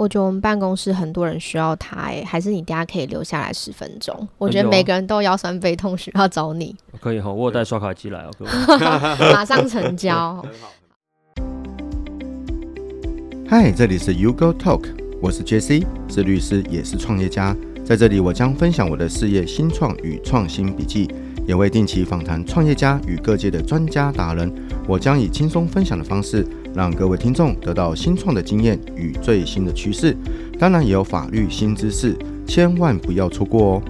我覺得我們辦公室很多人需要他哎、欸，還是你等下可以留下來十分鐘？我覺得每個人都腰酸背痛，需要找你。啊、可以哈，我有帶刷卡機來哦、喔， 馬上成交。嗯、很好。嗨，這裡是、y、U Go Talk，我是 JC，是律師，也是創業家。在這裡，我將分享我的事業新創與創新筆記。也會定期訪談創業家與各界的專家達人，我將以輕鬆分享的方式，讓各位聽眾得到新創的經驗與最新的趨勢，當然也有法律新知識，千萬不要錯過哦。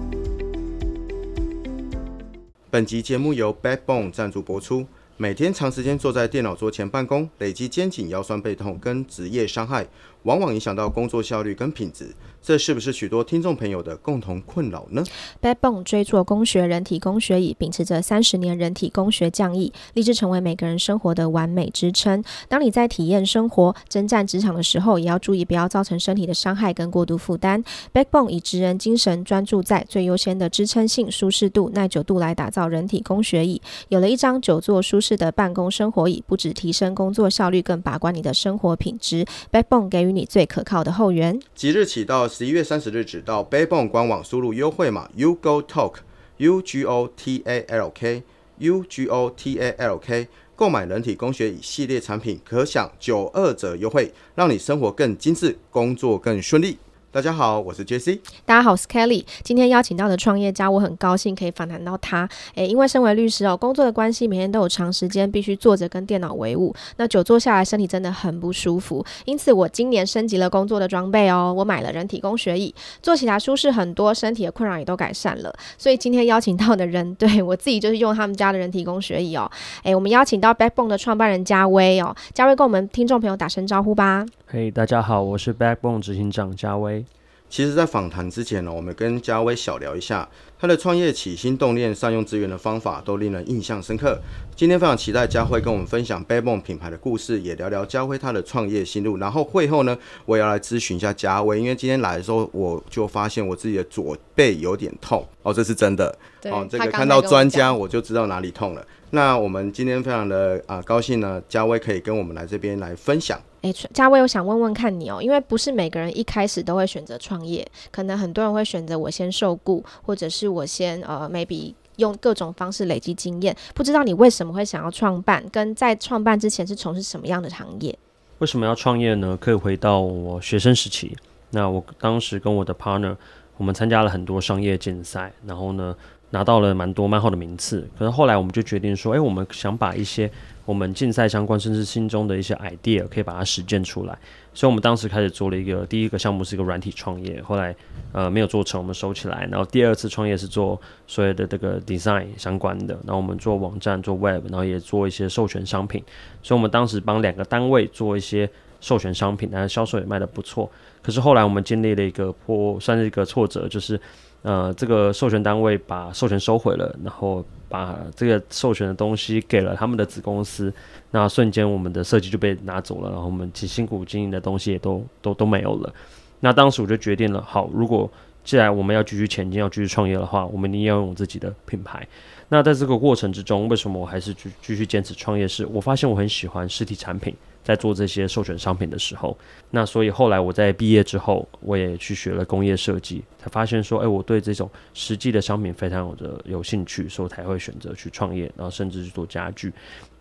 本集節目由 Backbone 贊助播出。每天長時間坐在電腦桌前辦公，累積肩頸、腰酸背痛跟職業傷害。往往影響到工作效率跟品質，這是不是許多聽眾朋友的共同困擾呢？Backbone 椎座工學人體工學椅，秉持着三十年人體工學匠藝，立志成為每個人生活的完美支撐。當你在體驗生活、征戰職場的時候，也要注意不要造成身體的傷害跟過度負擔。Backbone 以職人精神專注在最優先的支撐性、舒適度、耐久度來打造人體工學椅。有了一張久坐舒適的辦公生活椅，不止提升工作效率，更把關你的生活品質。Backbone 給予。你最可靠的後援，即日起到十一月三十日止，到 Backbone 官網輸入優惠碼 UgoTalk U Go Talk, U G O T A L K U G O T A L K，購買人體工學椅系列產品可享九二折優惠，讓你生活更精緻，工作更順利。大家好，我是 JC。大家好，我是 Kelly。今天邀請到的創業家，我很高興可以訪談到他。誒、欸，因為身為律師哦，工作的關係，每天都有長時間必須坐着跟電腦為伍，那久坐下來，身體真的很不舒服。因此，我今年升級了工作的裝備哦，我買了人體工學椅，坐起來舒適很多，身體的困擾也都改善了。所以今天邀請到的人，對我自己就是用他們家的人體工學椅哦。誒、欸，我們邀請到 Backbone 的創辦人家葳哦，家葳跟我們聽眾朋友打聲招呼吧。嘿，hey, 大家好，我是 Backbone 執行長家葳。其實，在訪談之前呢，我們跟家葳小聊一下他的創業起心動念、善用資源的方法，都令人印象深刻。今天非常期待家葳跟我們分享 Backbone 品牌的故事，也聊聊家葳他的創業心路。然後會後呢，我也要來諮詢一下家葳，因為今天來的時候我就發現我自己的左背有點痛哦，這是真的。對哦，這個看到專家我就知道哪裡痛了。那我們今天非常的啊、呃、高興呢，家葳可以跟我們來這邊來分享。誒、欸，家葳，我想問問看你哦、喔，因為不是每個人一開始都會選擇創業，可能很多人會選擇我先受僱，或者是我先呃 maybe 用各種方式累積經驗。不知道你為什麼會想要創辦，跟在創辦之前是從事什麼樣的行業？為什麼要創業呢？可以回到我學生時期，那我當時跟我的 partner，我們參加了很多商業競賽，然後呢，拿到了蠻多蠻好的名次，可是後來我們就決定說，誒、哎，我們想把一些我們競賽相關甚至心中的一些 idea 可以把它實踐出來，所以我們當時開始做了一個第一個項目是一個軟體創業，後來呃沒有做成，我們收起來，然後第二次創業是做所有的這個 design 相關的，然後我們做網站做 web，然後也做一些授權商品，所以我們當時幫兩個單位做一些授權商品，然後銷售也賣得不錯，可是後來我們經歷了一個頗算是一個挫折，就是。呃，這個授權單位把授權收回了，然後把這個授權的東西給了他們的子公司。那瞬間，我們的設計就被拿走了，然後我們辛辛苦經營的東西也都都都沒有了。那當時我就決定了，好，如果既然我們要繼續前進、要繼續創業的話，我們一定要用自己的品牌。那在這個過程之中，為什麼我還是繼繼續堅持創業是？是我發現我很喜歡實體產品。在做這些授權商品的時候，那所以後來我在畢業之後，我也去學了工業設計，才發現說，哎、欸，我對這種實際的商品非常有着有興趣，所以我才會選擇去創業，然後甚至去做家具。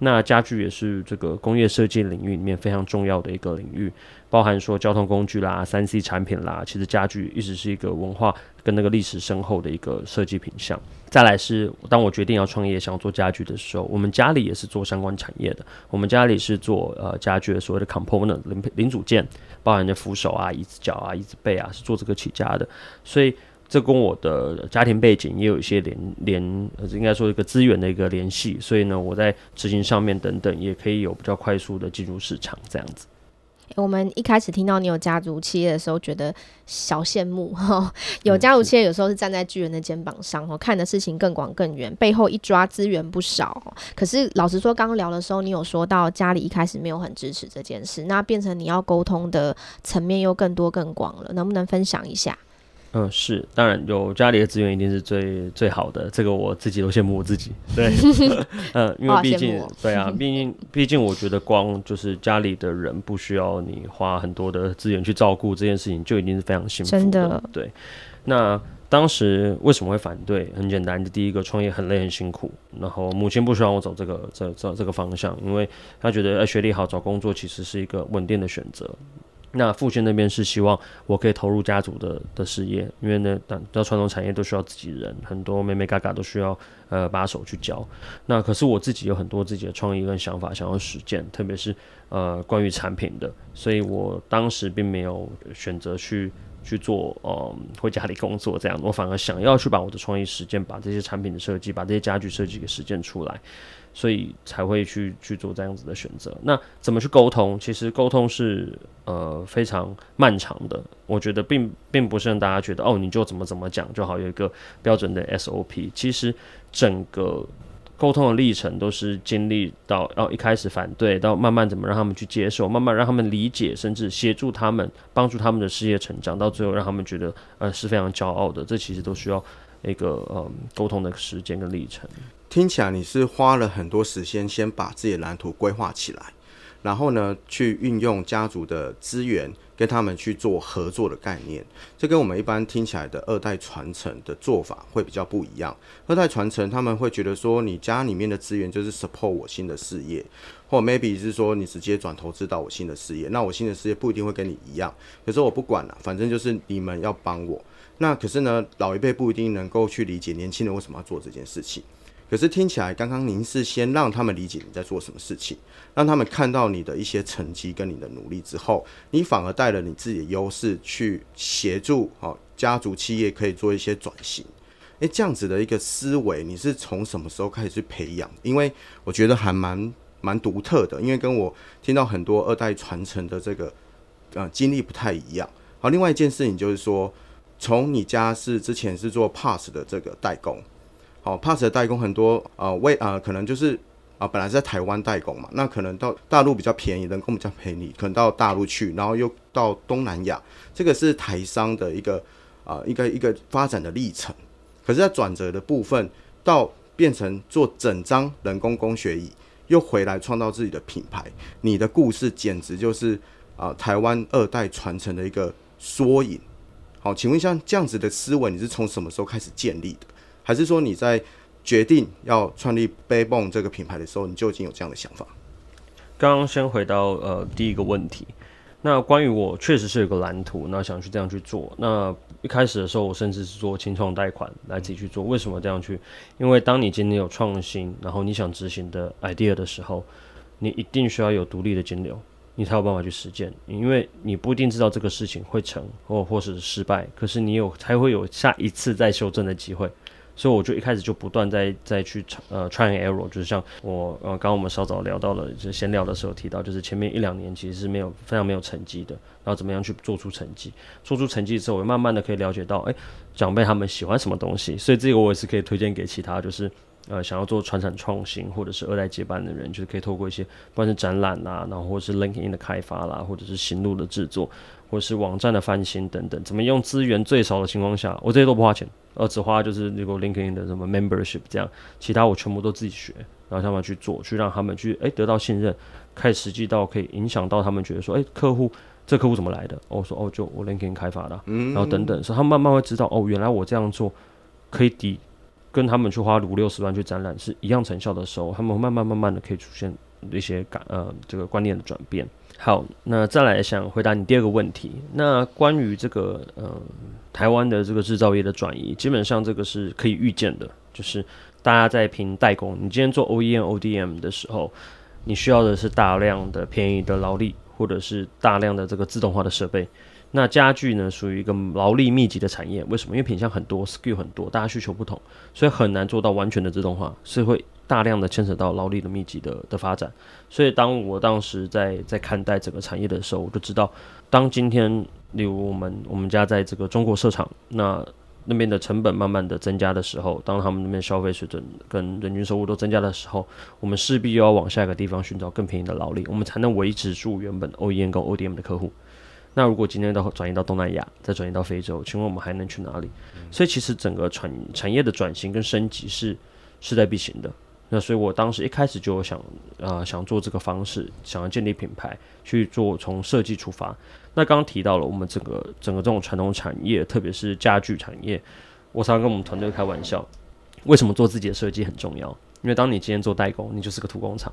那家具也是這個工業設計領域裡面非常重要的一個領域，包含說交通工具啦、三 C 產品啦，其實家具一直是一個文化跟那個歷史深厚的一個設計品項。再來是，當我決定要創業，想要做家具的時候，我們家裡也是做相關產業的，我們家裡是做呃家具的所謂的 component 零零組件，包含着扶手啊、椅子腳啊、椅子背啊，是做這個起家的，所以這跟我的家庭背景也有一些聯聯，應該說一個資源的一個聯繫，所以呢，我在執行上面等等，也可以有比較快速的進入市場這樣子。欸、我們一開始聽到你有家族企業的時候，覺得小羨慕哈。有家族企業，有時候是站在巨人的肩膀上，哦、嗯，看的事情更廣更遠，背後一抓資源不少。可是老實說，剛剛聊的時候，你有說到家裡一開始沒有很支持這件事，那變成你要溝通的層面又更多更廣了，能不能分享一下？嗯，是，當然有家裡的資源一定是最最好的，這個我自己都羨慕我自己，對，嗯、 呃，因為畢竟，我我對啊，畢竟，畢竟我覺得光就是家裡的人不需要你花很多的資源去照顧這件事情，就已經是非常幸福的，真的對。那當時為什麼會反對？很簡單，第一個創業很累很辛苦，然後母親不希望我走這個、這、這這個方向，因為她覺得哎學歷好找工作其實是一個穩定的選擇。那父親那邊是希望我可以投入家族的的事業，因為呢，等到傳統產業都需要自己的人，很多眉眉角角都需要呃把手去教。那可是我自己有很多自己的創意跟想法想要實踐，特別是呃關於產品的，所以我當時並沒有選擇去去做呃回家裡工作這樣，我反而想要去把我的創意實踐，把這些產品的設計，把這些家具設計給實踐出來。所以才會去去做這樣子的選擇。那怎麼去溝通？其實溝通是呃非常漫長的。我覺得並並不是讓大家覺得哦，你就怎麼怎麼講就好，有一個標準的 SOP。其實整個溝通的歷程都是經歷到，然後一開始反對，到慢慢怎麼讓他們去接受，慢慢讓他們理解，甚至協助他們，幫助他們的事業成長，到最後讓他們覺得呃是非常驕傲的。這其實都需要一個呃溝通的時間跟歷程。聽起來你是花了很多時間，先把自己的藍圖規劃起來，然後呢，去運用家族的資源，跟他們去做合作的概念。這跟我們一般聽起來的二代傳承的做法會比較不一樣。二代傳承，他們會覺得說，你家裡面的資源就是 support 我新的事業，或者 maybe 是說你直接轉投資到我新的事業。那我新的事業不一定會跟你一樣，可是我不管了，反正就是你們要幫我。那可是呢，老一輩不一定能夠去理解年輕人為什麼要做這件事情。可是聽起來，剛剛您是先讓他們理解你在做什麼事情，讓他們看到你的一些成績跟你的努力之後，你反而帶了你自己的優勢去協助好家族企業可以做一些轉型。誒、欸，這樣子的一個思維，你是從什麼時候開始去培養？因為我覺得還蠻蠻獨特的，因為跟我聽到很多二代傳承的這個呃經歷不太一樣。好，另外一件事情就是說，從你家是之前是做 PASS 的這個代工。好，PASS 的代工很多，呃，為呃，可能就是啊、呃，本來是在台灣代工嘛，那可能到大陸比較便宜，人工比較便宜，可能到大陸去，然後又到東南亞，這個是台商的一個啊、呃，一個一個發展的歷程。可是，在轉折的部分，到變成做整張人體工學椅，又回來創造自己的品牌，你的故事簡直就是啊、呃，台灣二代傳承的一個縮影。好，請問一下，這樣子的思維你是從什麼時候開始建立的？還是說你在決定要創立 Backbone 這個品牌的時候，你就已經有這樣的想法？剛剛先回到呃第一個問題，那關於我確實是有個藍圖，那想去這樣去做。那一開始的時候，我甚至是做青創貸款來自己去做。為什麼這樣去？因為當你今天有創新，然後你想執行的 idea 的時候，你一定需要有獨立的金流，你才有辦法去實踐。因為你不一定知道這個事情會成，或或是失敗，可是你有才會有下一次再修正的機會。所以我就一開始就不斷在再，再去呃 try and error，就是像我呃剛剛我們稍早聊到了，就是閒聊的時候提到，就是前面一兩年其實是沒有非常沒有成績的，然後怎麼樣去做出成績，做出成績之後，我慢慢的可以了解到，哎，長輩他們喜歡什麼東西，所以這個我也是可以推薦給其他就是呃想要做傳產創新或者是二代接班的人，就是可以透過一些不管是展覽啦、啊，然後或者是 LinkedIn 的開發啦、啊，或者是型錄的制作。或是網站的翻新等等，怎麼用資源最少的情況下，我這些都不花錢，呃，只花就是那個 LinkedIn 的什麼 Membership 這樣，其他我全部都自己學，然後他們去做，去讓他們去誒、欸、得到信任，開始實際到可以影響到他們覺得說，哎、欸，客戶這客戶怎麼來的？我、哦、說哦，就我 LinkedIn 開發的，然後等等，所以他們慢慢會知道，哦，原來我這樣做可以抵跟他們去花五六十萬去展覽是一樣成效的時候，他們慢慢慢慢的可以出現一些感呃這個觀念的轉變。好，那再來想，回答你第二個問題。那關於這個，呃，台灣的這個製造業的轉移，基本上這個是可以預見的，就是大家在憑代工，你今天做 OEM、ODM 的時候，你需要的是大量的便宜的勞力，或者是大量的這個自動化的設備。那家具呢，屬於一個勞力密集的產業，為什麼？因為品相很多，skill 很多，大家需求不同，所以很難做到完全的自動化，是會大量的牽扯到勞力的密集的的發展。所以當我當時在在看待整個產業的時候，我就知道，當今天，例如我們我們家在這個中國設廠，那那邊的成本慢慢的增加的時候，當他們那邊消費水準跟人均收入都增加的時候，我們勢必要往下一個地方尋找更便宜的勞力，我們才能維持住原本 OEM 跟 ODM 的客戶。那如果今天到轉移到東南亞，再轉移到非洲，請問我們還能去哪裡？所以其實整個產產業的轉型跟升級是勢在必行的。那所以我當時一開始就想啊、呃，想做這個方式，想要建立品牌，去做從設計出發。那剛剛提到了我們整個整個這種傳統產業，特別是家具產業，我常常跟我們團隊開玩笑，為什麼做自己的設計很重要？因為當你今天做代工，你就是個土工廠；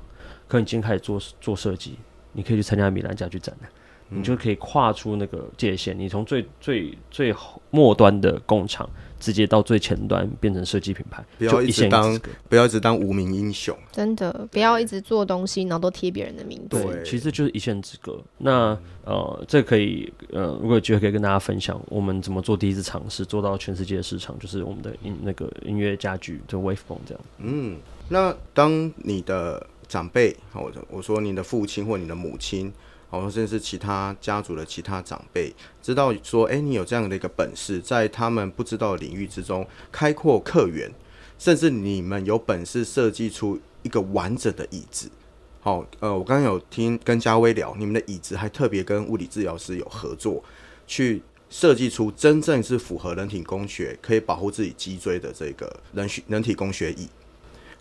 可你今天開始做做設計，你可以去參加米蘭家具展覽、啊你就可以跨出那個界限，你從最最最末端的工廠，直接到最前端變成設計品牌，不要一直當，不要一直當無名英雄，真的不要一直做東西，然後都貼別人的名字。對，對，其實就是一線之隔。那呃，這個、可以呃，如果有機會可以跟大家分享，我們怎麼做第一次嘗試，做到全世界的市場，就是我們的音、嗯、那個音樂家具，就 Wavebone 這樣。嗯，那當你的長輩，我我說你的父親或你的母親。好，甚至是其他家族的其他長輩知道說，誒、欸，你有這樣的一個本事，在他們不知道的領域之中開闊客源，甚至你們有本事設計出一個完整的椅子。好，呃，我剛剛有聽跟家葳聊，你們的椅子還特別跟物理治療師有合作，去設計出真正是符合人體工學、可以保護自己脊椎的這個人人體工學椅。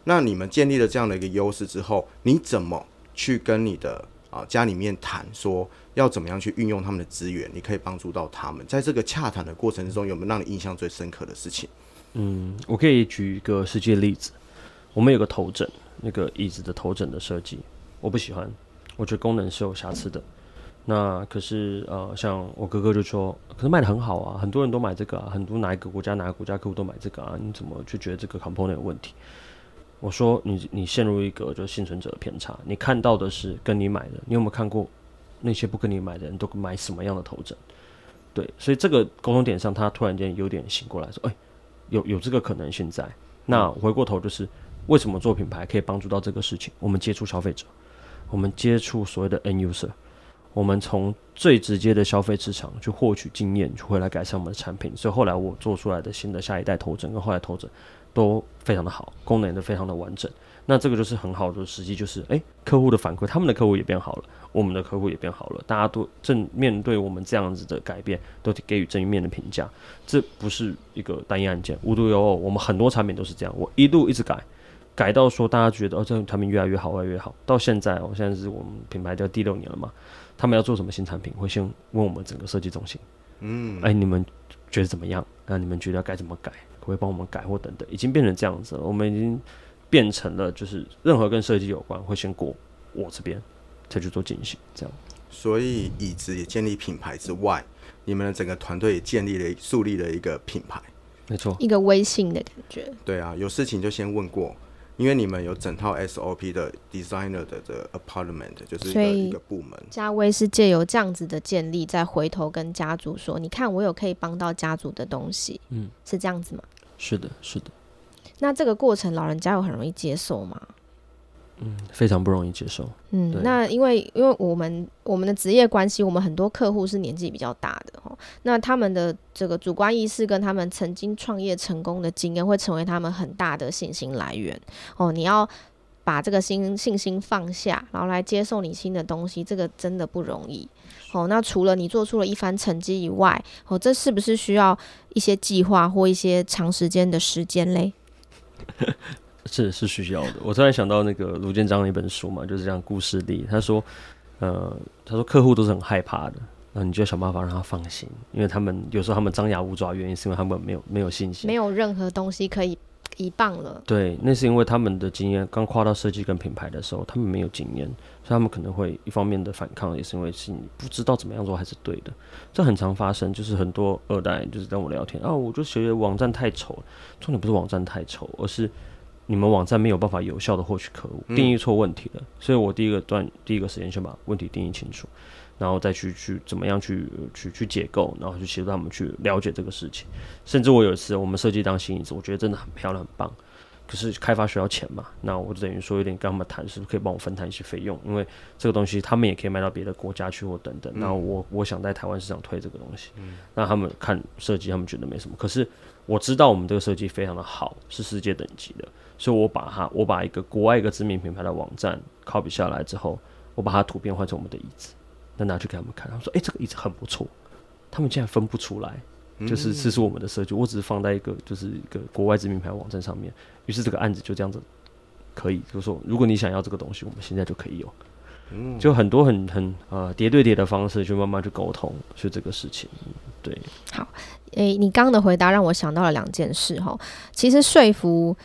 那你們建立了這樣的一個優勢之後，你怎麼去跟你的？啊，家裡面談說要怎麼樣去運用他們的資源，你可以幫助到他們。在這個洽談的過程之中，有沒有讓你印象最深刻的事情？嗯，我可以舉一個實際例子。我們有個頭枕，那個椅子的頭枕的設計，我不喜歡，我覺得功能是有瑕疵的。那可是呃，像我哥哥就說，可是賣得很好啊，很多人都買這個啊，很多哪一個國家哪個國家客戶都買這個啊，你怎麼就覺得這個 component 有問題？我說你你陷入一個就是倖存者的偏差，你看到的是跟你買的，你有沒有看過那些不跟你買的人都買什麼樣的頭枕？對，所以這個溝通點上，他突然間有點醒過來說，哎，有有這個可能性在。那回過頭就是為什麼做品牌可以幫助到這個事情？我們接觸消費者，我們接觸所謂的 end user，我們從最直接的消費市場去獲取經驗，回來改善我們的產品。所以後來我做出來的新的下一代頭枕跟後來頭枕。都非常的好，功能也都非常的完整。那這個就是很好的，實際就是哎，客戶的反饋，他們的客戶也變好了，我們的客戶也變好了，大家都正面對我們這樣子的改變，都給予正面的評價。這不是一個單一案件，無獨有偶，我們很多產品都是這樣。我一度一直改，改到說大家覺得哦，這產品越來越好，越來越好。到現在、哦，我現在是我們品牌叫第六年了嘛？他們要做什麼新產品，會先問我們整個設計中心，嗯，哎，你們覺得怎麼樣？那、啊、你們覺得該怎麼改？會幫我們改或等等，已經變成這樣子了。我們已經變成了，就是任何跟設計有關，會先過我這邊，再去做進行這樣。所以，椅子也建立品牌之外，你們的整個團隊也建立了、樹立了一個品牌。沒錯錯，一個威信的感覺。對啊，有事情就先問過，因為你們有整套 SOP 的 Designer 的的 Apartment，就是一個，所以一個部門。家葳是借由這樣子的建立，再回頭跟家族說：“你看，我有可以幫到家族的東西。”嗯，是這樣子嗎？是的，是的。那這個過程，老人家有很容易接受嗎？嗯，非常不容易接受。嗯，對那因為因為我們我們的職業關係，我們很多客戶是年紀比較大的哦。那他們的這個主觀意識跟他們曾經創業成功的經驗，會成為他們很大的信心來源哦。你要把這個心信，信心放下，然後來接受你新的東西，這個真的不容易。哦，那除了你做出了一番成績以外，哦，這是不是需要一些計劃或一些長時間的時間嘞？ 是是需要的。我突然想到那個盧建章的一本書嘛，就是這樣故事裡，他說，呃，他說客戶都是很害怕的，那你就想辦法讓他放心，因為他們有時候他們張牙舞爪的原因，是因為他們沒有沒有信心，沒有任何東西可以。一半了，對，那是因為他們的經驗剛跨到設計跟品牌的時候，他們沒有經驗，所以他們可能會一方面的反抗，也是因為是你不知道怎麼樣做還是對的，這很常發生，就是很多二代就是跟我聊天啊、哦，我就覺得網站太醜了，重點不是網站太醜，而是你們網站沒有辦法有效的獲取客戶，嗯、定義錯問題了，所以我第一個段第一個時間先把問題定義清楚。然後再去去怎麼樣去去去解構，然後去協助他們去了解這個事情。甚至我有一次，我們設計當新椅子，我覺得真的很漂亮，很棒。可是開發需要錢嘛，那我就等於說有點跟他們談，是不是可以幫我分攤一些費用？因為這個東西他們也可以賣到別的國家去，或等等。那、嗯、我我想在台灣市場推這個東西，嗯、那他們看設計，他們覺得沒什麼。可是我知道我們這個設計非常的好，是世界等級的，所以我把它我把一個國外一個知名品牌的網站 copy 下來之後，我把它圖片換成我們的椅子。那拿去給他們看，他們說：“哎、欸，這個椅子很不錯。”他們竟然分不出來，嗯、就是這是我們的設計。我只是放在一個，就是一個國外知名牌網站上面。於是這個案子就這樣子，可以就是說，如果你想要這個東西，我們現在就可以有。嗯、就很多很很呃疊對疊的方式去慢慢去溝通，就是這個事情。對，好，哎、欸，你剛剛的回答讓我想到了兩件事哈。其實說服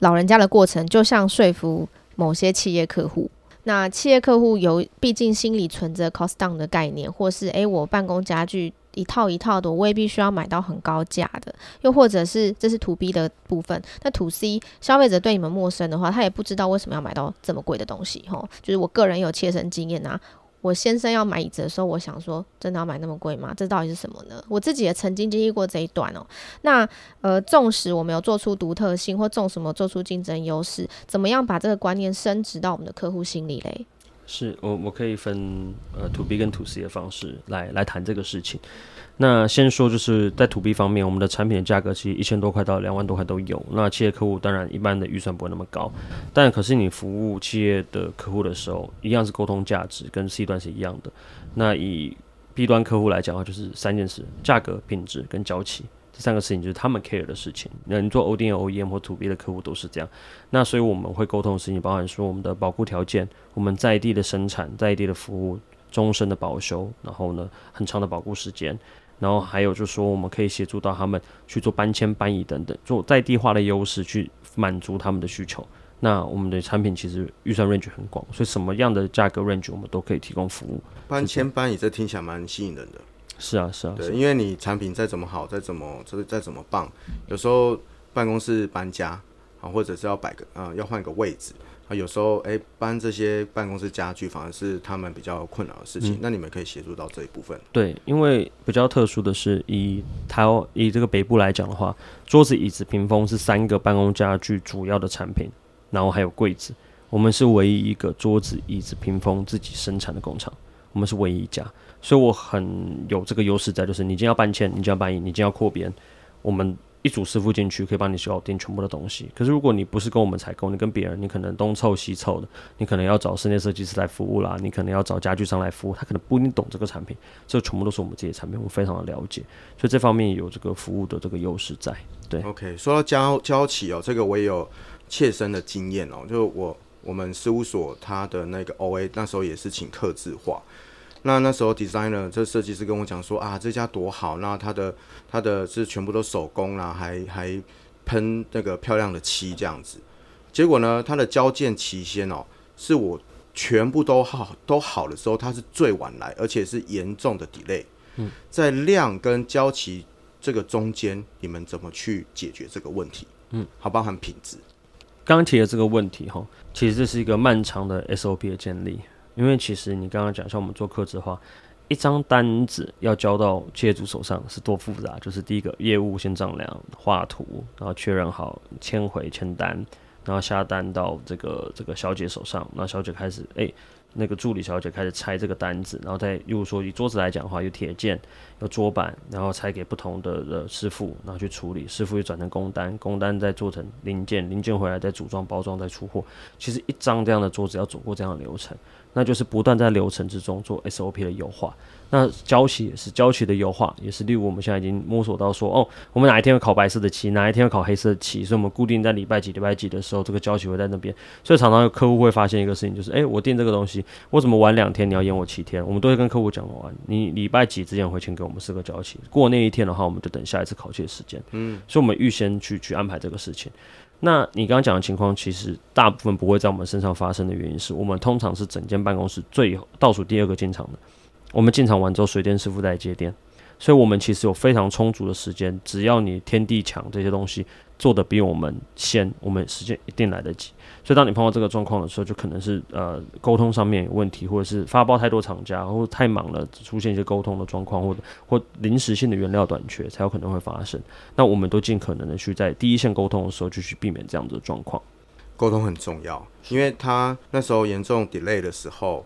老人家的過程，就像說服某些企業客戶。那企業客戶有，畢竟心裡存着 cost down 的概念，或是哎、欸，我辦公家具一套一套的，我未必需要買到很高價的。又或者是這是 to B 的部分，那 to C 消費者對你們陌生的話，他也不知道為什麼要買到這麼貴的東西，吼。就是我個人有切身經驗啊。我先生要買椅子的時候，我想說，真的要買那麼貴嗎？這到底是什麼呢？我自己也曾經經歷過這一段哦、喔。那呃，縱使我沒有做出獨特性，或縱使我沒有做出競爭優勢，怎麼樣把這個觀念升值到我們的客戶心裡嘞？是，我我可以分呃，to B 跟 to C 的方式來來談這個事情。那先說就是在 to B 方面，我們的產品的價格其實一千多塊到兩萬多塊都有。那企業客戶當然一般的預算不會那麼高，但可是你服務企業的客戶的時候，一樣是溝通價值跟 C 端是一樣的。那以 B 端客戶來講的話，就是三件事：價格、品質跟交期。這三個事情就是他們 care 的事情。那你做 ODM、OEM 或 to B 的客戶都是這樣。那所以我們會溝通的事情，包含說我們的保固條件、我們在地的生產、在地的服務、終身的保修，然後呢，很長的保固時間。然後還有就是說，我們可以協助到他們去做搬遷、搬移等等，做在地化的優勢去滿足他們的需求。那我們的產品其實預算 range 很廣，所以什麼樣的價格 range 我們都可以提供服務。搬遷搬移這聽起來蠻吸引人的。是啊，是啊，是啊，對，因為你產品再怎麼好，再怎麼就是再怎麼棒，有時候辦公室搬家啊，或者是要擺個啊，要換一個位置。啊，有時候哎、欸，搬這些辦公室家具，反而是他們比較困擾的事情。嗯、那你們可以協助到這一部分。對，因為比較特殊的是，以台以這個北部來講的話，桌子、椅子、屏風是三個辦公家具主要的產品，然後還有櫃子。我們是唯一一個桌子、椅子、屏風自己生產的工廠，我們是唯一一家，所以我很有這個優勢在，就是你今天要搬遷，你今天要搬移，你今天要擴編，我們。一組師傅進去可以幫你修好店全部的東西。可是如果你不是跟我們採購，你跟別人，你可能東湊西湊的，你可能要找室內設計師來服務啦，你可能要找家具商來服務，他可能不一定懂這個產品，這全部都是我們自己的產品，我非常的了解，所以這方面有這個服務的這個優勢在。對，OK，說到交交期哦，這個我也有切身的經驗哦，就我我們事務所他的那個 OA 那時候也是請客制化。那那時候，designer 這設計師跟我講說啊，這家多好，那他的他的是全部都手工啦、啊，還還噴那個漂亮的漆這樣子。結果呢，他的交件期限哦、喔，是我全部都好都好的時候，他是最晚來，而且是嚴重的 delay。嗯，在量跟交期這個中間，你們怎麼去解決這個問題？嗯，好，包含品質。剛剛、嗯、提的這個問題哈，其實這是一個漫長的 SOP 的建立。因為其實你剛剛講，像我們做客製的話，一張單子要交到企業主手上是多複雜？就是第一個業務先丈量、畫圖，然後確認好簽回簽單，然後下單到這個這個小姐手上，那小姐開始誒、欸，那個助理小姐開始拆這個單子，然後再如果說以桌子來講的話，有鐵件、有桌板，然後拆給不同的的師傅，然後去處理，師傅又轉成工單，工單再做成零件，零件回來再組裝、包裝、再出貨。其實一張這樣的桌子要走過這樣的流程。那就是不斷在流程之中做 SOP 的優化。那交期也是，交期的優化，也是例如我們現在已經摸索到說，哦，我們哪一天要烤白色的漆，哪一天要烤黑色的漆，所以我們固定在禮拜幾、禮拜幾的時候，這個交期會在那邊。所以常常有客戶會發現一個事情，就是誒，我訂這個東西，我怎麼晚兩天，你要延我七天？我們都會跟客戶講完，你禮拜幾之前回請給我們四個交期，過那一天的話，我們就等下一次烤漆的時間。嗯，所以我們預先去去安排這個事情。那你剛剛講的情況，其實大部分不會在我們身上發生的原因是，我們通常是整間辦公室最倒數第二個進場的，我們進場完之後，水電師傅再接電，所以我們其實有非常充足的時間，只要你天地牆這些東西，做得比我們先，我們時間一定來得及。所以當你碰到這個狀況的時候，就可能是呃溝通上面有問題，或者是發包太多廠家，或者太忙了，出現一些溝通的狀況，或者或臨時性的原料短缺，才有可能會發生。那我們都盡可能的去在第一線溝通的時候，就去避免這樣子的狀況。溝通很重要，因為他那時候嚴重 delay 的時候。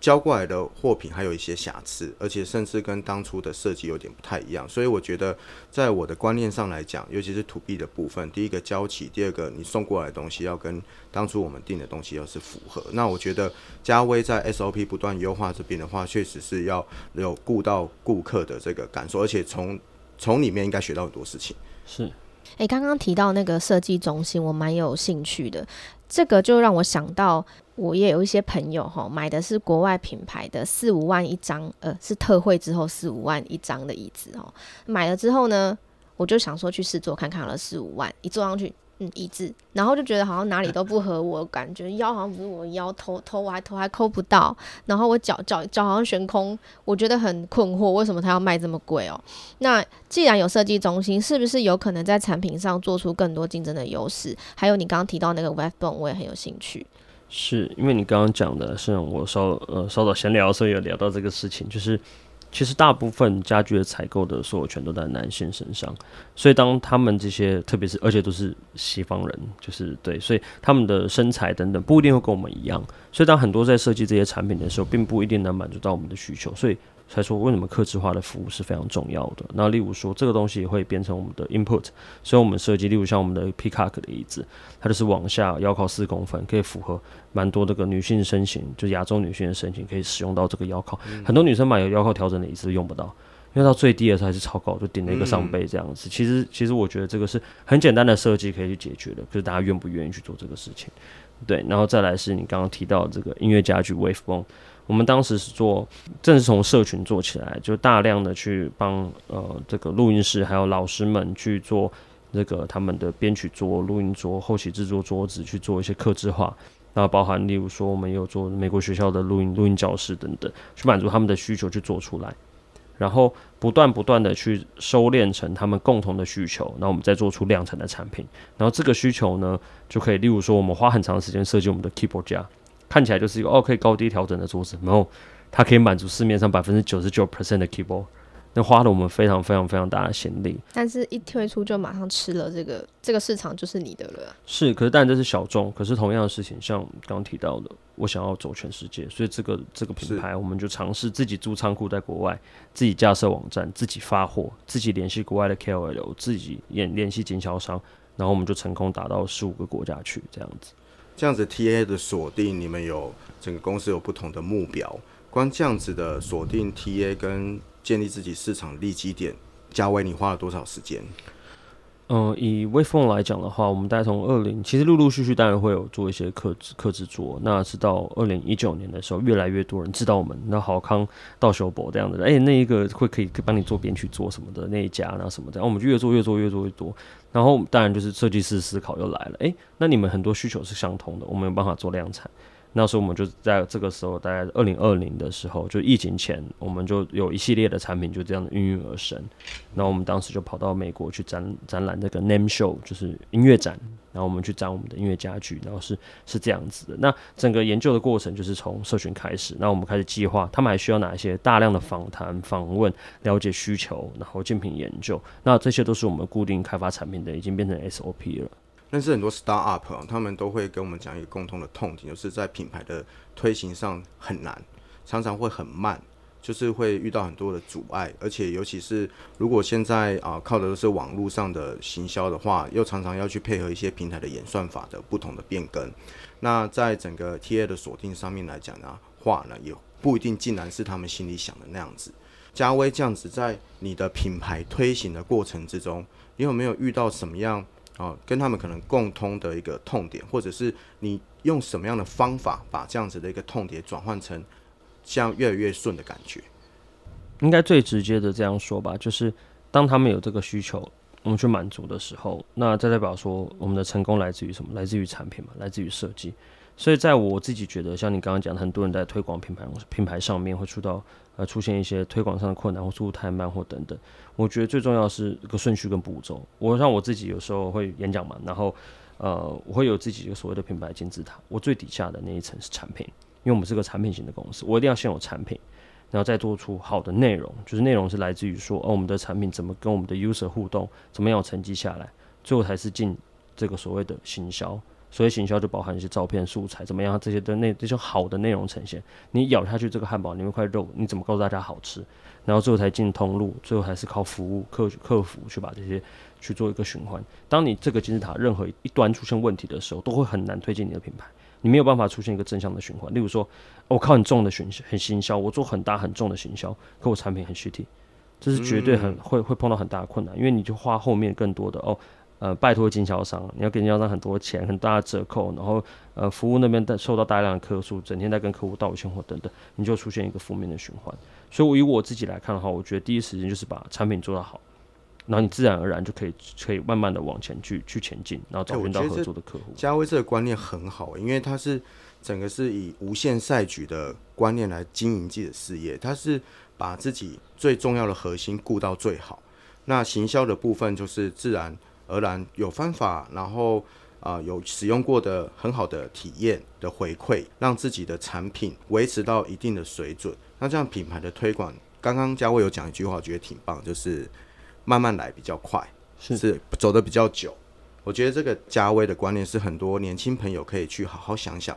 交過來的貨品還有一些瑕疵，而且甚至跟當初的設計有點不太一樣，所以我覺得，在我的觀念上來講，尤其是 to B 的部分，第一個交期，第二個你送過來的東西要跟當初我們訂的東西要是符合，那我覺得家葳在 SOP 不斷優化這邊的話，確實是要有顧到顧客的這個感受，而且從從裡面應該學到很多事情。是。哎、欸，剛剛提到那個設計中心，我蠻有興趣的。這個就讓我想到，我也有一些朋友哈，買的是國外品牌的四五萬一張，呃，是特惠之後四五萬一張的椅子哦。買了之後呢，我就想說去試坐看看了，四五萬一坐上去。嗯，一致，然後就覺得好像哪裡都不合我 感覺腰好像不是我的腰，頭頭我還頭還摳不到，然後我腳腳腳好像懸空，我覺得很困惑，為什麼他要賣這麼貴哦？那既然有設計中心，是不是有可能在產品上做出更多競爭的優勢？還有你剛剛提到那個 Backbone 我也很有興趣。是因為你剛剛講的是我稍呃稍早閒聊的時候有聊到這個事情，就是。其實大部分家具的採購的所有權都在男性身上，所以當他們這些，特別是而且都是西方人，就是對，所以他們的身材等等不一定會跟我們一樣，所以當很多在設計這些產品的時候，並不一定能滿足到我們的需求，所以。才說為什麼客製化的服務是非常重要的。那例如說，這個東西也會變成我們的 input，所以我們設計，例如像我們的 Peacock 的椅子，它就是往下腰靠四公分，可以符合蠻多這個女性身形，就亞洲女性的身形可以使用到這個腰靠。嗯、很多女生買有腰靠調整的椅子用不到，因為到最低的時候還是超高，就頂了一個上背這樣子。嗯、其實，其實我覺得這個是很簡單的設計可以去解決的，就是大家願不願意去做這個事情。對，然後再來是你剛剛提到這個音樂家具 w a v e f o 我們當時是做，正是從社群做起來，就大量的去幫呃這個錄音師還有老師們去做這個他們的編曲桌、錄音桌、後期製作桌子去做一些客製化，那包含例如說我們有做美國學校的錄音錄音教室等等，去滿足他們的需求去做出來，然後不斷不斷的去收斂成他們共同的需求，然後我們再做出量產的產品，然後這個需求呢就可以例如說我們花很長時間設計我們的 Keyboard 架，看起來就是一個哦，可以高低調整的桌子，然後它可以滿足市面上百分之九十九 percent 的 keyboard，那花了我們非常非常非常大的心力。但是一推出就馬上吃了這個這個市場，就是你的了。是，可是但這是小眾。可是同樣的事情，像剛剛提到的，我想要走全世界，所以這個這個品牌，是我們就嘗試自己租倉庫在國外，自己架設網站，自己發貨，自己聯繫國外的 KOL，自己也聯繫經銷商，然後我們就成功達到十五個國家去，這樣子。這樣子 TA 的鎖定，你們有整個公司有不同的目標。光這樣子的鎖定 TA 跟建立自己市場利基點，家葳你花了多少時間？嗯，以微風來講的話，我們大概從二零，其實陸陸續續當然會有做一些客製客製作。那直到二零一九年的時候，越來越多人知道我們，那好康逗相報這樣的，哎、欸，那一個會可以幫你做編曲做什麼的那一家，然後什麼的，我們就越做越做越做越，做越多，然後當然就是設計師思考又來了，哎、欸，那你們很多需求是相同的，我們有辦法做量產。那時候我們就在這個時候，大概二零二零的時候，就疫情前，我們就有一系列的產品就這樣子應運而生。那我們當時就跑到美國去展展覽這個 Name Show，就是音樂展，然後我們去展我們的音樂家具，然後是是這樣子的。那整個研究的過程就是從社群開始，那我們開始計劃，他們還需要哪一些大量的訪談訪問，了解需求，然後競品研究，那這些都是我們固定開發產品的，已經變成 SOP 了。但是很多 startup 他們都會跟我們講一個共通的痛點，就是在品牌的推行上很難，常常會很慢，就是會遇到很多的阻礙，而且尤其是如果現在啊靠的都是網絡上的行銷的話，又常常要去配合一些平台的演算法的不同的變更。那在整個 TA 的鎖定上面來講的話呢，也不一定盡然是他們心裡想的那樣子。家葳這樣子，在你的品牌推行的過程之中，你有沒有遇到什麼樣？哦，跟他們可能共通的一個痛點，或者是你用什麼樣的方法把這樣子的一個痛點轉換成這樣越來越順的感覺，應該最直接的這樣說吧，就是當他們有這個需求，我們去滿足的時候，那這代表說我們的成功來自於什麼？來自於產品嘛，來自於設計。所以在我自己覺得，像你剛剛講，很多人在推廣品牌，品牌上面會出到。呃，出現一些推廣上的困難，或速度太慢，或等等。我覺得最重要是一個順序跟步驟。我像我自己有時候會演講嘛，然後呃，我會有自己一個所謂的品牌金字塔。我最底下的那一層是產品，因為我們是個產品型的公司，我一定要先有產品，然後再做出好的內容。就是內容是來自於說，哦、呃，我們的產品怎麼跟我們的 user 互動，怎麼樣有成績下來，最後才是進這個所謂的行銷。所以行銷就包含一些照片、素材怎麼樣？這些的內這些好的內容呈現，你咬下去這個漢堡裡面塊肉，你怎麼告訴大家好吃？然後最後才進通路，最後還是靠服務客客服，去把這些去做一個循環。當你這個金字塔任何一端出現問題的時候，都會很難推進你的品牌，你沒有辦法出現一個正向的循環。例如說，我靠很重的行很行銷，我做很大很重的行銷，可我產品很實體，這是絕對很會會碰到很大的困難，因為你就花後面更多的哦。呃，拜託經銷商，你要給經銷商很多錢、很大的折扣，然後呃，服務那邊受到大量的客訴，整天在跟客戶道個歉或等等，你就出現一個負面的循環。所以，我以我自己來看的話，我覺得第一時間就是把產品做到好，然後你自然而然就可以可以慢慢的往前去去前進，然後找到合作的客戶。家葳，欸、這這個觀念很好，因為他是整個是以無限賽局的觀念來經營自己的事業，他是把自己最重要的核心顧到最好，那行銷的部分就是自然而然有方法，然後啊、呃、有使用過的很好的體驗的回饋，讓自己的產品維持到一定的水準。那這樣品牌的推廣，剛剛家葳有講一句話，我覺得挺棒，就是慢慢來比較快，是走得比較久。是我覺得這個家葳的觀念是很多年輕朋友可以去好好想想。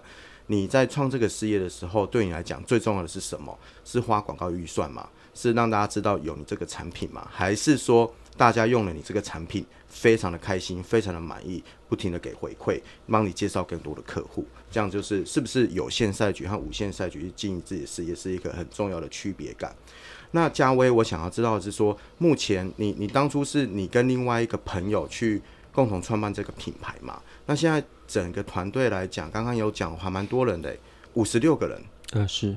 你在創這個事業的時候，對你來講最重要的是什麼？是花廣告預算嗎？是讓大家知道有你這個產品嗎？還是說大家用了你這個產品？非常的開心，非常的滿意，不停的給回饋，幫你介紹更多的客戶，這樣就是，是不是有限賽局和無限賽局經營自己事業，是是一個很重要的區別感。那家葳，我想要知道的是說，目前你你當初是你跟另外一個朋友去共同創辦這個品牌嘛？那現在整個團隊來講，剛剛有講還蠻多人的、欸，五十六個人，啊、是。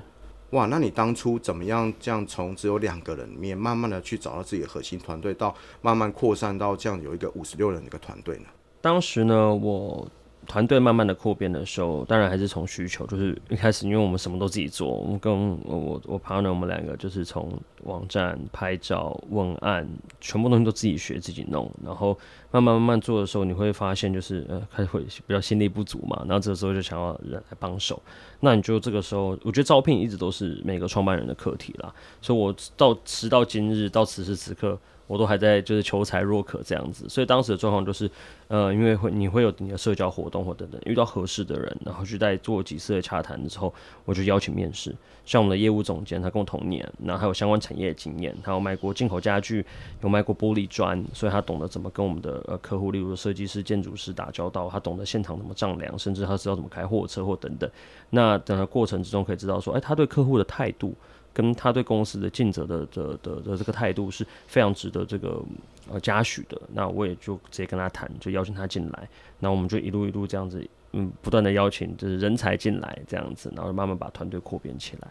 哇，那你當初怎麼樣這樣從只有兩個人裡面，慢慢的去找到自己的核心團隊，到慢慢擴散到這樣有一個五十六人的一個團隊呢？當時呢，我。團隊慢慢的擴編的時候，當然還是從需求，就是一開始，因為我們什麼都自己做，我們跟我我我 partner 我們兩個就是從網站、拍照、文案，全部東西都自己學、自己弄，然後慢慢慢慢做的時候，你會發現就是呃，開始會比較心力不足嘛，然後這個時候就想要人來幫手，那你就這個時候，我覺得招聘一直都是每個創辦人的課題啦，所以我到直到今日，到此時此刻。我都還在就是求才若渴這樣子，所以當時的狀況就是，呃，因為會你會有你的社交活動或等等，遇到合適的人，然後去在做幾次的洽談之後，我就邀請面試。像我們的業務總監，他跟我同年，然後還有相關產業經驗，還有賣過進口家具，有賣過玻璃磚，所以他懂得怎麼跟我們的呃客戶，例如設計師、建築師打交道，他懂得現場怎麼丈量，甚至他知道怎麼開貨車或等等。那等的過程之中可以知道說，哎、欸，他對客戶的態度。跟他對公司的盡責的的的的，的這個態度是非常值得這個呃嘉許的。那我也就直接跟他談，就邀請他進來。那我們就一路一路這樣子，嗯，不斷的邀請就是人才進來這樣子，然後慢慢把團隊擴編起來。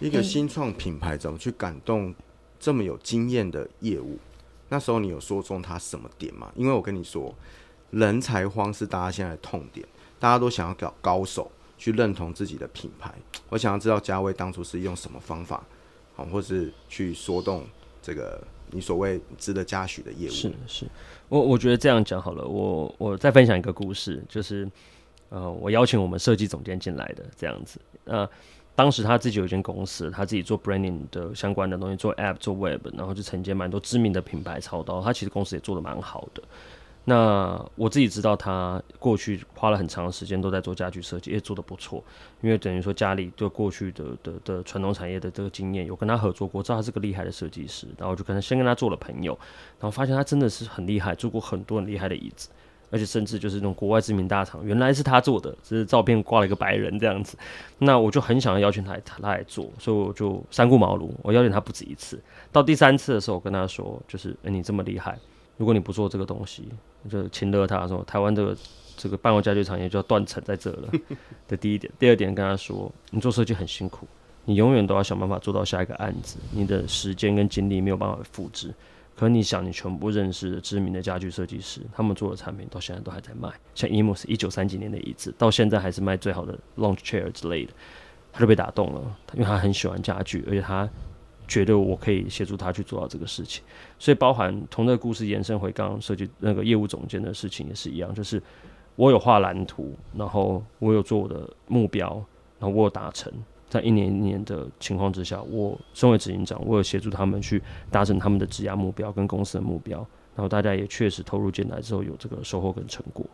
一個新創品牌怎麼去感動這麼有經驗的業務？那時候你有說中他什麼點嗎？因為我跟你說，人才荒是大家現在的痛點，大家都想要搞高手。去認同自己的品牌，我想要知道家葳當初是用什麼方法，哦、嗯，或是去說動這個你所謂值得嘉許的業務？是是，我我覺得這樣講好了。我我再分享一個故事，就是呃，我邀請我們設計總監進來的這樣子。呃，當時他自己有一間公司，他自己做 branding 的相關的東西，做 app 做 web，然後就承接蠻多知名的品牌操刀。他其實公司也做得蠻好的。那我自己知道，他過去花了很長時間都在做家具設計，也做得不錯。因為等於說家裡就過去的的的傳統產業的這個經驗，有跟他合作過，我知道他是個厲害的設計師。然後我就可能先跟他做了朋友，然後發現他真的是很厲害，做過很多很厲害的椅子，而且甚至就是那種國外知名大廠，原來是他做的，只是照片掛了一個白人這樣子。那我就很想要邀請他他來做，所以我就三顧茅廬，我邀請他不止一次。到第三次的時候，我跟他說，就是誒，欸、你這麼厲害，如果你不做這個東西。就親熱他說：“台灣這個這個辦公家具產業就要斷層在這了。”這第一點，第二點跟他說：“你做設計很辛苦，你永遠都要想辦法做到下一個案子，你的時間跟精力沒有辦法複製。可你想，你全部認識的知名的家具設計師，他們做的產品到現在都還在賣，像 Eames 一九三幾年的椅子，到現在還是賣最好的 Lounge Chair 之類的，他就被打動了，因為他很喜歡家具，而且他。”覺得我可以協助他去做到這個事情，所以包含從那個故事延伸回剛剛涉及那個業務總監的事情也是一樣，就是我有畫藍圖，然後我有做我的目標，然後我有達成，在一年一年的情況之下，我身為執行長，我有協助他們去達成他們的職涯目標跟公司的目標，然後大家也確實投入進來之後有這個收穫跟成果。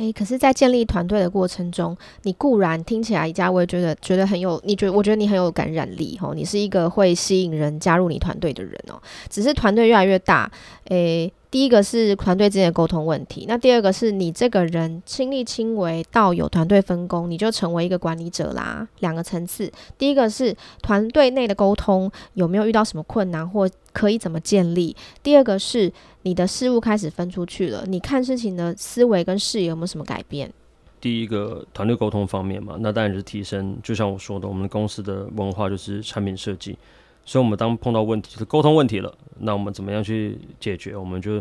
誒、欸，可是，在建立團隊的過程中，你固然聽起來，家葳我也覺得覺得很有，你覺我覺得你很有感染力哦，你是一個會吸引人加入你團隊的人哦、喔。只是團隊越來越大，誒、欸。第一個是團隊之間的溝通問題，那第二個是你這個人親力親為到有團隊分工，你就成為一個管理者啦。兩個層次，第一個是團隊內的溝通有沒有遇到什麼困難或可以怎麼建立，第二個是你的事物開始分出去了，你看事情的思維跟視野有沒有什麼改變？第一個團隊溝通方面嘛，那當然是提升，就像我說的，我們的公司的文化就是產品設計。所以，我們當碰到問題就是溝通問題了，那我們怎麼樣去解決？我們就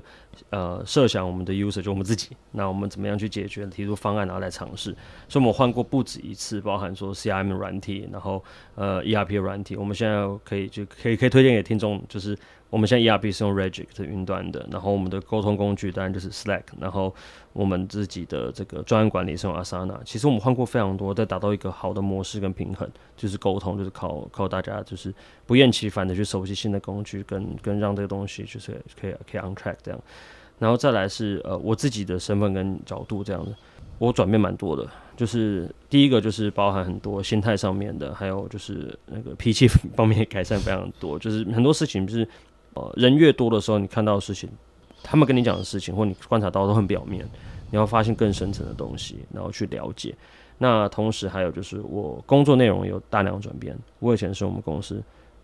呃設想我們的 user 就我們自己，那我們怎麼樣去解決？提出方案，然後來嘗試。所以，我們換過不止一次，包含說 CRM 軟體，然後呃 ERP 軟體。我們現在可以就可以可以推薦給聽眾，就是。我們現在 ERP 是用 reject 雲端的，然後我們的溝通工具當然就是 Slack，然後我們自己的這個專案管理是用 Asana。其實我們換過非常多，再達到一個好的模式跟平衡，就是溝通就是靠靠大家就是不厭其煩的去熟悉新的工具跟、跟跟讓這個東西就是可以可以 on track 這樣。然後再來是呃我自己的身份跟角度這樣子，我轉變蠻多的，就是第一個就是包含很多心態上面的，還有就是那個脾氣方面改善非常多，就是很多事情不，就是。人越多的時候，你看到的事情，他們跟你講的事情，或你觀察到的都很表面，你要發現更深層的東西，然後去了解。那同時還有就是，我工作內容有大量轉變。我以前是我們公司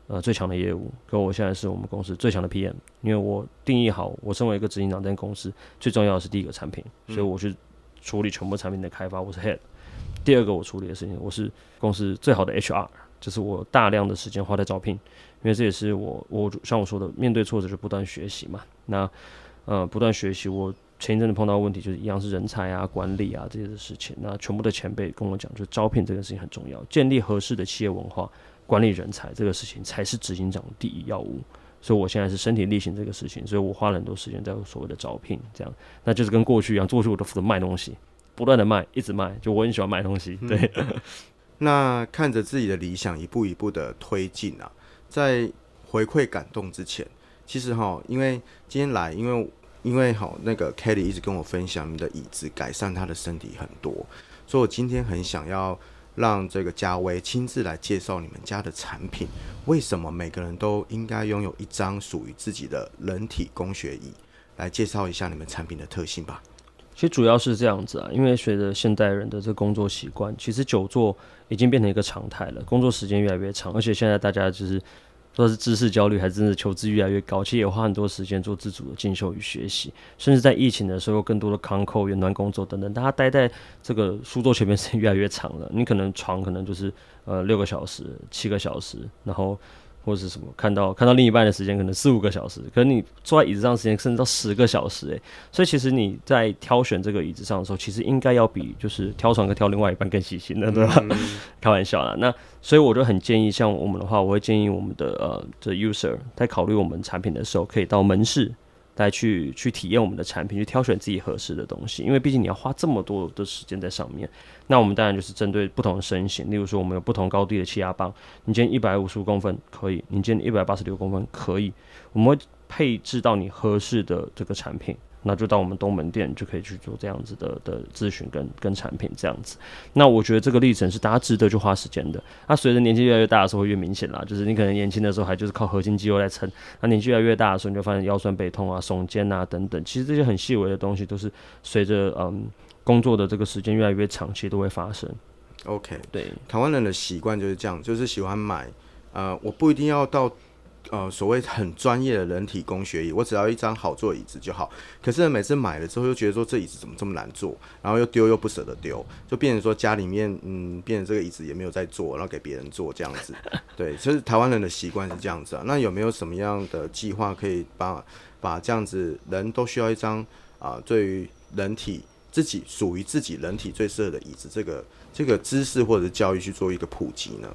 呃最強的業務，可我現在是我們公司最強的 PM，因為我定義好，我身為一個執行長，在公司最重要的是第一個產品，嗯、所以我去處理全部產品的開發，我是 Head。第二個我處理的事情，我是公司最好的 HR。就是我大量的時間花在招聘，因為這也是我，我像我說的，面對挫折就不斷學習嘛。那呃，不斷學習，我前一陣子碰到的問題就是一樣是人才啊、管理啊這些的事情。那全部的前輩跟我講，就是招聘這個事情很重要，建立合適的企業文化，管理人才這個事情才是執行長的第一要務。所以我現在是身體力行這個事情，所以我花了很多時間在我所謂的招聘這樣，那就是跟過去一樣，過去我都負責賣東西，不斷的賣，一直賣，就我很喜歡賣東西，對。嗯那看着自己的理想一步一步的推進啊，在回饋感動之前，其實哈，因為今天來，因為因為哈，那個 Kelly 一直跟我分享，你的椅子改善他的身體很多，所以我今天很想要讓這個家葳親自來介紹你們家的產品，為什麼每個人都應該擁有一張屬於自己的人體工學椅？來介紹一下你們產品的特性吧。其實主要是這樣子啊，因為隨着現代人的這個工作習慣，其實久坐已經變成一個常態了。工作時間越來越長，而且現在大家就是說是知識焦慮，還是真的求知欲越來越高，其實也花很多時間做自主的進修與學習，甚至在疫情的時候，更多的靠遠端工作等等，大家待在這個書桌前面時間越來越長了。你可能床可能就是呃六個小時、七個小時，然後。或者是什麼？看到看到另一半的時間可能四五個小時，可能你坐在椅子上的時間甚至到十個小時誒。所以其實你在挑選這個椅子上的時候，其實應該要比就是挑床跟挑另外一半更細心的，對吧？嗯、 開玩笑啦，那所以我就很建議，像我們的話，我會建議我們的呃，這、uh, user 在考慮我們產品的時候，可以到門市。來去去體驗我們的產品，去挑選自己合適的東西，因為畢竟你要花這麼多的時間在上面。那我們當然就是針對不同的身形，例如說我們有不同高低的氣壓棒，你肩一百五十五公分可以，你肩一百八十六公分可以，我們會配置到你合適的這個產品。那就到我們東門店就可以去做這樣子的的諮詢跟跟產品這樣子。那我覺得這個歷程是大家值得去花時間的。那隨着年紀越來越大的時候，會越明顯啦。就是你可能年輕的時候還就是靠核心肌肉來撐，那、啊、年紀越來越大的時候，你就發現腰痠背痛啊、聳肩啊等等，其實這些很細微的東西都是隨着嗯工作的這個時間越來越長期都會發生。OK，對，台灣人的習慣就是這樣，就是喜歡買，呃，我不一定要到。呃，所謂很專業的人體工學椅，我只要一張好坐椅子就好。可是每次買了之後，又覺得說，這椅子怎麼這麼難坐，然後又丟又不舍得丟，就變成說家裡面嗯，變成這個椅子也沒有在坐，然後給別人坐這樣子。對，其實台灣人的習慣是這樣子啊。那有沒有什麼樣的計劃可以把把這樣子人都需要一張啊、呃，對於人體自己屬於自己人體最適合的椅子，這個這個知識或者是教育去做一個普及呢？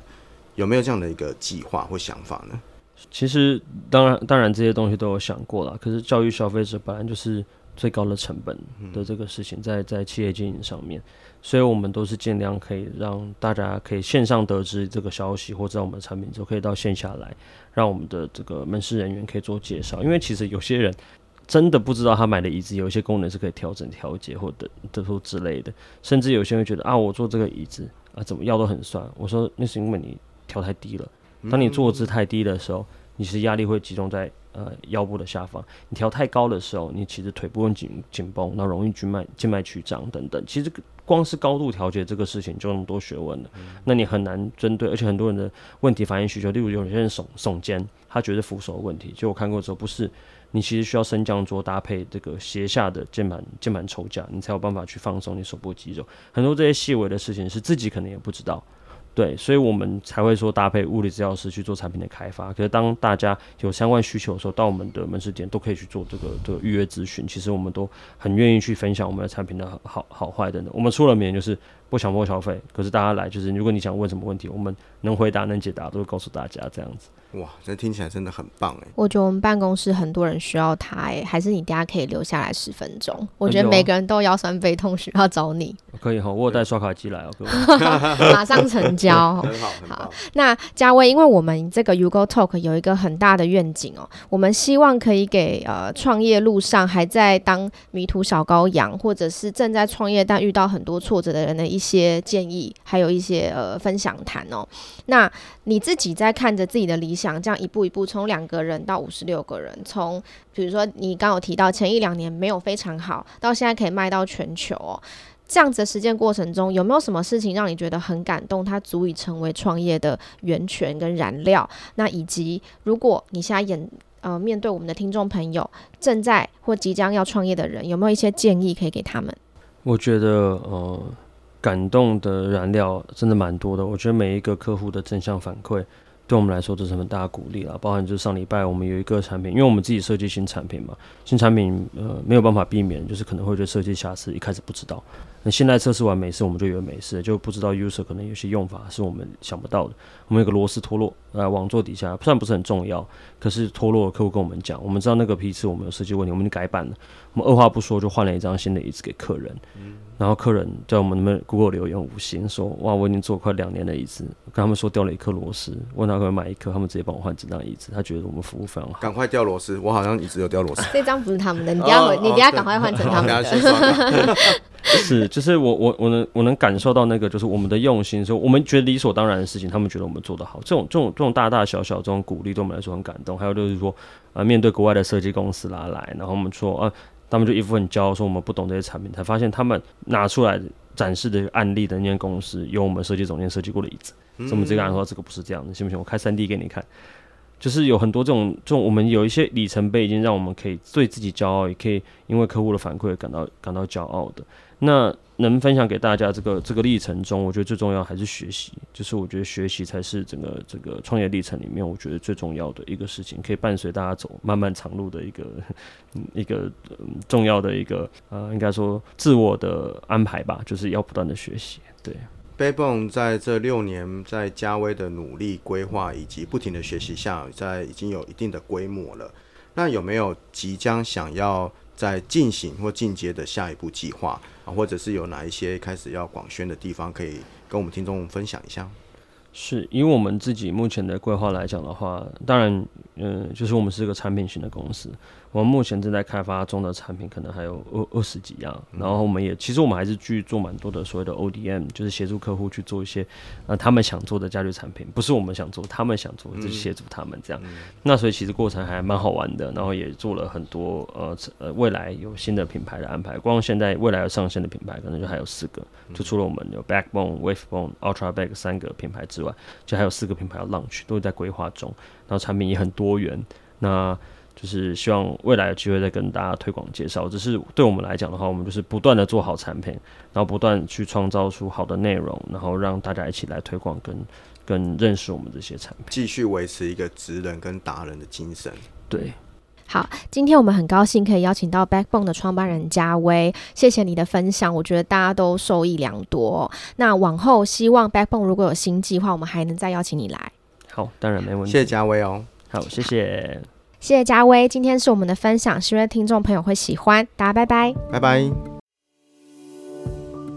有沒有這樣的一個計劃或想法呢？其實，當然，當然這些東西都有想過啦。可是教育消費者本來就是最高的成本的這個事情，在在企業經營上面，所以我們都是儘量可以讓大家可以線上得知這個消息，或者知道我們的產品之後，可以到線下來，讓我們的這個門市人員可以做介紹。因為其實有些人真的不知道他買的椅子有一些功能是可以調整調節或者等等之類的，甚至有些人會覺得啊，我坐這個椅子啊，怎麼腰都很酸。我說那是因為你調太低了。當你坐姿太低的時候，你是壓力會集中在呃腰部的下方；你調太高的時候，你其實腿部會緊緊繃，那容易去脈靜脈曲張等等。其實光是高度調節這個事情就那麼多學問了，嗯、那你很難針對。而且很多人的問題反應需求，例如有些人聳聳肩，他覺得扶手的問題。就我看過的時候，不是，你其實需要升降桌搭配這個斜下的鍵盤鍵盤抽架，你才有辦法去放鬆你手部肌肉。很多這些細微的事情是自己可能也不知道。對，所以我們才會說搭配物理治療師去做產品的開發。可是當大家有相關需求的時候，到我們的門市店都可以去做這個、這個預約諮詢。其實我們都很願意去分享我們的產品的好好壞等等。我們出了名就是。不強迫消費，可是大家來就是，如果你想問什麼問題，我們能回答，能解答，都會告訴大家這樣子。哇，這聽起來真的很棒哎、欸！我覺得我們辦公室很多人需要他哎、欸，還是你等下可以留下來十分鐘？我覺得每個人都腰酸背痛，需要找你。啊啊、可以哈，我有帶刷卡機來對哦， 馬上成交。 好，很好，好。很棒那，家葳，因為我們這個 U Go Talk 有一個很大的願景哦，我們希望可以給呃創業路上還在當迷途小羔羊，或者是正在創業但遇到很多挫折的人的一。一些建議，還有一些呃分享談哦。那你自己在看着自己的理想，這樣一步一步從兩個人到五十六個人，從比如說你剛有提到前一兩年沒有非常好，到現在可以賣到全球哦，這樣子的實踐過程中，有沒有什麼事情讓你覺得很感動？它足以成為創業的源泉跟燃料？那以及如果你現在演呃面對我們的聽眾朋友，正在或即將要創業的人，有沒有一些建議可以給他們？我覺得呃。感動的燃料真的蠻多的，我覺得每一個客戶的正向反饋，對我們來說都是很大鼓勵啦。包含就是上禮拜我們有一個產品，因為我們自己設計新產品嘛，新產品呃沒有辦法避免，就是可能會對設計瑕疵一開始不知道。那現在測試完沒事，我們就以為沒事，就不知道 user 可能有些用法是我們想不到的。我們有一個螺絲脫落，呃、啊，網座底下雖然不是很重要，可是脫落，客戶跟我們講，我們知道那個批次我們有設計問題，我們就改版了，我們二話不說就換了一張新的椅子給客人。嗯然後客人在我們在那邊 Google 留言五星，說，哇，我已經坐快兩年的椅子，跟他們說掉了一顆螺絲，問他可不可以買一顆，他們直接幫我換整張椅子。他覺得我們服務非常好，趕快掉螺絲，我好像一直有掉螺絲。 這張不是他們的，你要、哦、你等下趕快換成他們的。是，就是我我我能我能感受到那個，就是我們的用心，所以我們覺得理所當然的事情，他們覺得我們做得好。這種這種這種大大小小的這種鼓勵，對我們來說很感動。還有就是說，啊，面對國外的設計公司拉來，然後我們說啊。他們就一副很驕傲，說我們不懂這些產品。才發現他們拿出來展示的案例的那間公司，由我們設計總監設計過的椅子。嗯。所以我們這個案說這個不是這樣的，信不信？我開三 D 給你看。就是有很多這種這種，我們有一些里程碑，已經讓我們可以對自己驕傲，也可以因為客戶的反饋感到感到驕傲的。那。能分享給大家這個這個歷程中，我覺得最重要還是學習，就是我覺得學習才是整個這個創業歷程裡面我覺得最重要的一個事情，可以伴隨大家走漫漫長路的一個、嗯、一個、嗯、重要的一個呃，應該說自我的安排吧，就是要不斷的學習。對，Backbone 在這六年在家葳的努力規劃以及不停的學習下，在已經有一定的規模了。那有沒有即將想要？在進行或進階的下一步計劃啊，或者是有哪一些開始要廣宣的地方，可以跟我們聽眾分享一下？是以我們自己目前的規劃來講的話，當然，嗯、呃，就是我們是個產品型的公司。我們目前正在開發中的產品可能還有二二十幾樣，然後我們也其實我們還是繼續做蠻多的所謂的 ODM，就是協助客戶去做一些呃他們想做的家居產品，不是我們想做，他們想做就協助他們這樣。嗯、那所以其實過程還蠻好玩的，然後也做了很多呃呃未來有新的品牌的安排，光現在未來有上線的品牌可能就還有四個，就除了我們有 Backbone、Wavebone、UltraBack 三個品牌之外，就還有四個品牌要 launch，都在規劃中，然後產品也很多元那。就是希望未來有機會再跟大家推廣介紹。只是對我們來講的話，我們就是不斷的做好產品，然後不斷去創造出好的內容，然後讓大家一起來推廣跟、跟跟認識我們這些產品。繼續維持一個職人跟達人的精神。對，好，今天我們很高興可以邀請到 Backbone 的創辦人家葳，謝謝你的分享，我覺得大家都受益良多。那往後希望 Backbone 如果有新計劃，我們還能再邀請你來。好，當然沒問題。謝謝家葳哦。好，謝謝。 謝謝家葳，今天是我們的分享，希望聽眾朋友會喜歡。大家拜拜，拜拜 bye。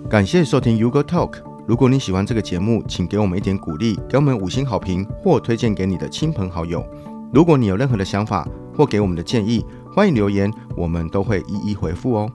感謝收聽 U Go Talk。如果你喜歡這個節目，請給我們一點鼓勵，給我們五星好評，或推薦給你的親朋好友。如果你有任何的想法或給我們的建議，歡迎留言，我們都會一一回覆哦。